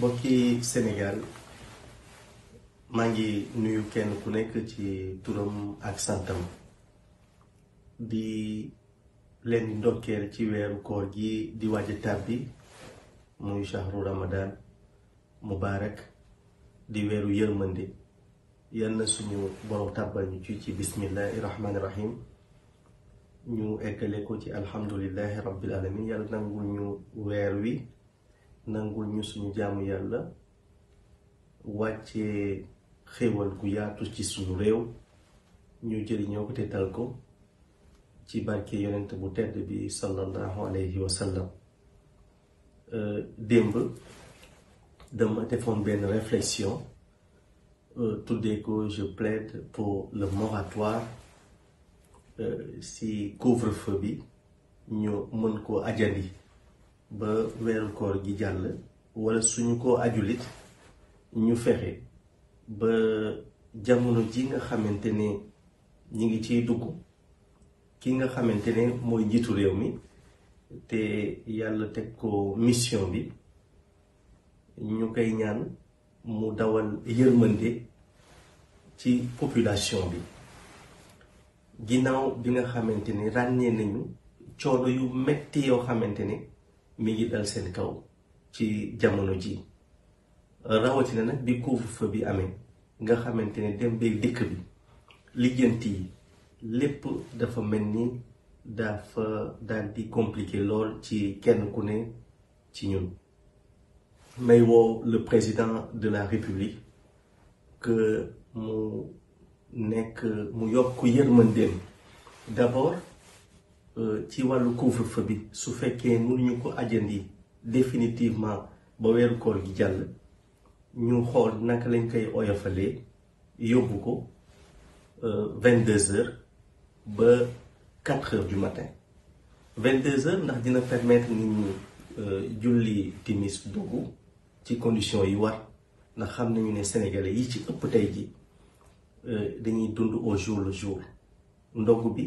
mbokki Sénégal maa ngi nuyu kenn ku nekk ci turam ak santam di leen ndokkeel ci weeru koor gi di waaj a tàbbi muy shahru ramadan mubarak di weeru yërmande yal na suñu borom tàbbal ci ci bismillahi rahmaani rahim ñu eggale ko ci alhamdulillahi rabbil alamin yàlla nangul ñu weer wi nangul ñu suñu jaamu yàlla wàccee xéewal gu yaatu ci suñu réew ñu jëriñoo ko te tal ko ci barke yonent bu tedd bi sallallahu alayhi wa sallam euh, démb dama defoon benn réflexion euh, tuddee ko je plaide pour le moratoire euh, si couvre-feu bi ñu mën ko ajandi ba weeru koor gi jàll wala suñu ko ajulit ñu fexe ba jamono ji nga xamante ne ñi ngi ciy dugg ki nga xamante ne mooy njiitu réew mi te yàlla teg ko mission bi ñu koy ñaan mu dawal yërmande ci population bi ginnaaw bi nga xamante ni ràññee nañu coono yu metti yoo xamante ne mi ngi dal seen kaw ci jamono ji rawatina nag bi couvre-feu bi amee nga xamante ne dem beeg dikk bi lijjanti yi lépp dafa mel ni dafa daal di compliqué lool ci kenn ku ne ci ñun may woo le président de la république que mu nekk mu yokk yërmandeem d'abord Euh, ci wàllu couvre-feu bi su fekkee mënuñu ko yi définitivement ba weeru koor gi jàll ñu xool naka lañ koy oyofalee yóbbu ko euh, vingt deux heures ba quatre heures du matin vingt deux heures ndax dina permettre nit ñi euh, julli timis dugg ci conditions yi war ndax xam nañu ne sénégalais yi ci ëpp tey ji dañuy dund au jour le jour ndogu bi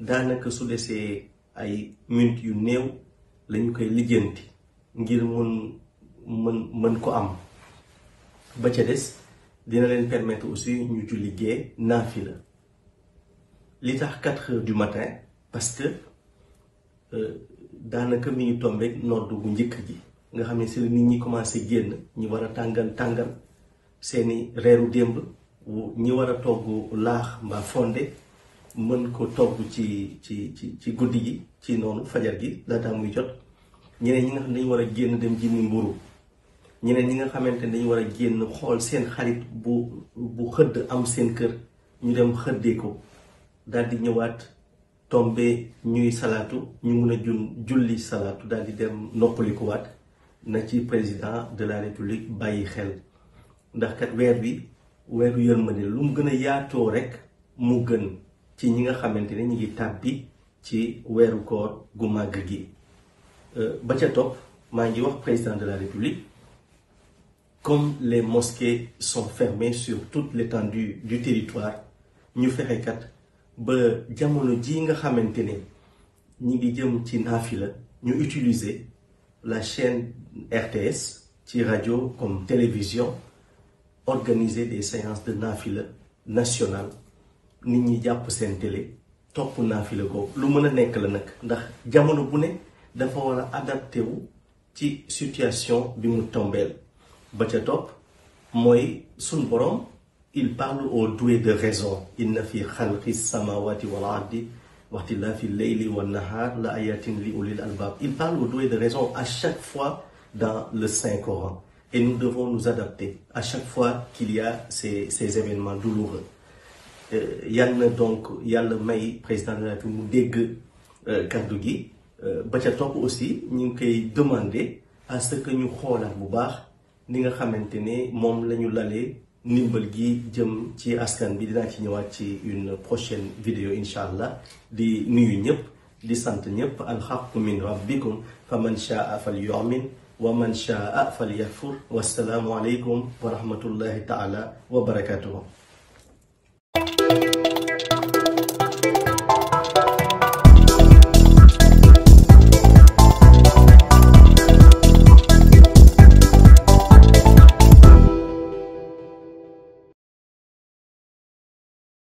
daanaka su desee ay minutes yu néew lañu koy lijjanti ngir mën mën mën ko am ba ca des dina leen permettre aussi ñu julli gee naafila li tax quatre heures du matin parce que euh, daanaka mi ngi tombeek nodd bu njëkk ji nga xam ne si la nit ñi commencé génn ñi war a tàngal tàngal seeni reeru démb ñi war a togg laax mbaa fonde mën ko togg ci ci ci ci guddi gi ci noonu fajar gi laataa muy jot ñeneen ñi nga xam ne dañu war a génn dem jëndi mburu ñeneen ñi nga xamante ne dañu war a génn xool seen xarit bu bu xëdd am seen kër ñu dem xëddee ko daal di ñëwaat tombe ñuy salaatu ñu mun a julli salaatu daal di dem noppalikuwaat na ci président de la république bàyyi xel ndax kat weer bi weeru yërmande lu mu gën a yaatoo rek mu gën ci ñi nga xamante ne ñu ngi tàbbi ci weeru koor gu màgg gi euh, ba ca topp maa ngi wax président de la république comme les mosquées sont fermées sur toute l'étendue du territoire ñu fexe kat ba jamono ji nga xamante ne ñi ngi jëm ci naafila ñu utiliser la chaîne RTS ci rajo comme télévision organiser des séances de naafila nationale nit ñi jàpp seen télé topp naa fi la ko lu mën a nekk la nag ndax jamono bu ne dafa war a adapté wu ci situation bi mu tombeel ba ca topp mooy suñ borom il parle aux doués de raison inna fi xalqi samawati wal ardi waxtilaafi layli wa nahar la ayatin li ulil albab il parle aux doués de raison à chaque fois dans le Saint Coran et nous devons nous adapter à chaque fois qu'il y a ces ces événements douloureux Euh, yal na donc yàlla may président de la mu dégg euh, kaddu gi euh, ba ca topp aussi ñu ngi koy demander à ce que ñu xoolaat bu baax ni nga xamante ne moom lañu ñu lalee ndimbal gi jëm ci askan bi dinaa ci ñëwaat ci une prochaine vidéo incha allah di nuyu ñëpp di sant ñëpp alxaqu min rabbikum fa man shaa fal yu'min wa man shaa fal yakfur wassalaamu aleykum wa rahmatullahi taala wa barakatuhu